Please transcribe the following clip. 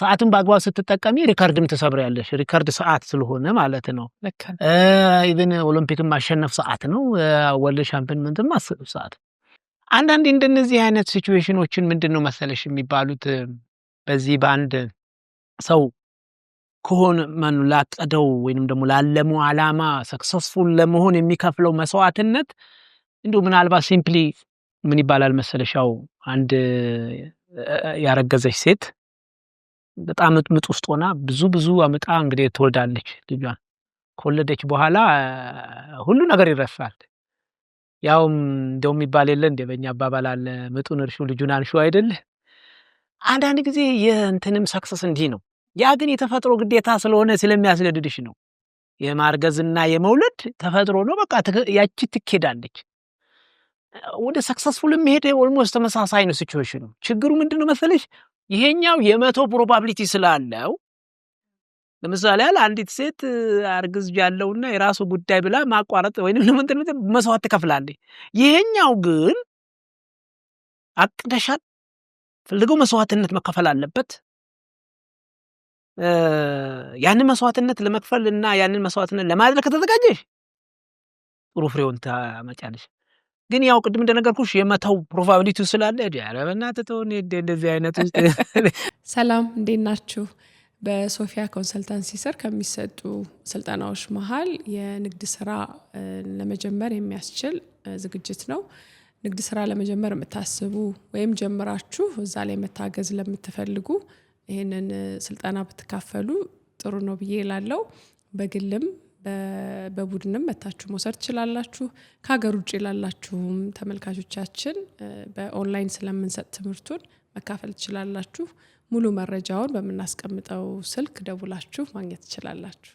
ሰዓትን በአግባብ ስትጠቀሚ ሪከርድም ትሰብሪያለሽ። ሪከርድ ሰዓት ስለሆነ ማለት ነው። ኢቨን ኦሎምፒክን ማሸነፍ ሰዓት ነው። ወርልድ ሻምፒዮንመንትን ማሰብ ሰዓት። አንዳንድ እንደነዚህ አይነት ሲትዌሽኖችን ምንድን ነው መሰለሽ የሚባሉት በዚህ በአንድ ሰው ከሆነ መኑ ላቀደው ወይንም ደግሞ ላለሙ አላማ ሰክሰስፉል ለመሆን የሚከፍለው መስዋዕትነት እንዲሁ ምናልባት ሲምፕሊ ምን ይባላል መሰለሻው አንድ ያረገዘች ሴት በጣም ምጥምጥ ውስጥ ሆና ብዙ ብዙ አመጣ እንግዲህ ትወልዳለች። ልጇን ከወለደች በኋላ ሁሉ ነገር ይረሳል። ያውም እንደው የሚባል የለ እንደ በእኛ አባባል አለ ምጡን እርሹ ልጁን አንሹ አይደል? አንዳንድ ጊዜ የእንትንም ሰክሰስ እንዲህ ነው። ያ ግን የተፈጥሮ ግዴታ ስለሆነ ስለሚያስገድድሽ ነው። የማርገዝና የመውለድ ተፈጥሮ ነው። በቃ ያቺ ትኬዳለች። ወደ ሰክሰስፉል የሚሄድ ኦልሞስት ተመሳሳይ ነው ሲቹዌሽኑ። ችግሩ ምንድን ነው መሰለሽ ይሄኛው የመቶ ፕሮባብሊቲ ስላለው ለምሳሌ ያህል አንዲት ሴት አርግዝጃለሁና የራሱ ጉዳይ ብላ ማቋረጥ ወይም ለምንትን መስዋዕት ትከፍላለች። ይሄኛው ግን አቅደሻል ፈልገው መስዋዕትነት መከፈል አለበት። ያንን መስዋዕትነት ለመክፈል እና ያንን መስዋዕትነት ለማድረግ ከተዘጋጀሽ ጥሩ ፍሬውን ታመጫለሽ። ግን ያው ቅድም እንደነገርኩሽ የመተው ፕሮባብሊቲ ስላለ በእናትህ ተው እንደዚህ አይነት ውስጥ። ሰላም እንዴት ናችሁ? በሶፊያ ኮንሰልታንሲ ስር ከሚሰጡ ስልጠናዎች መሀል የንግድ ስራ ለመጀመር የሚያስችል ዝግጅት ነው። ንግድ ስራ ለመጀመር የምታስቡ ወይም ጀምራችሁ እዛ ላይ መታገዝ ለምትፈልጉ ይህንን ስልጠና ብትካፈሉ ጥሩ ነው ብዬ ላለው በግልም በቡድንም መታችሁ መውሰድ ትችላላችሁ። ከሀገር ውጭ ላላችሁም ተመልካቾቻችን በኦንላይን ስለምንሰጥ ትምህርቱን መካፈል ትችላላችሁ። ሙሉ መረጃውን በምናስቀምጠው ስልክ ደውላችሁ ማግኘት ትችላላችሁ።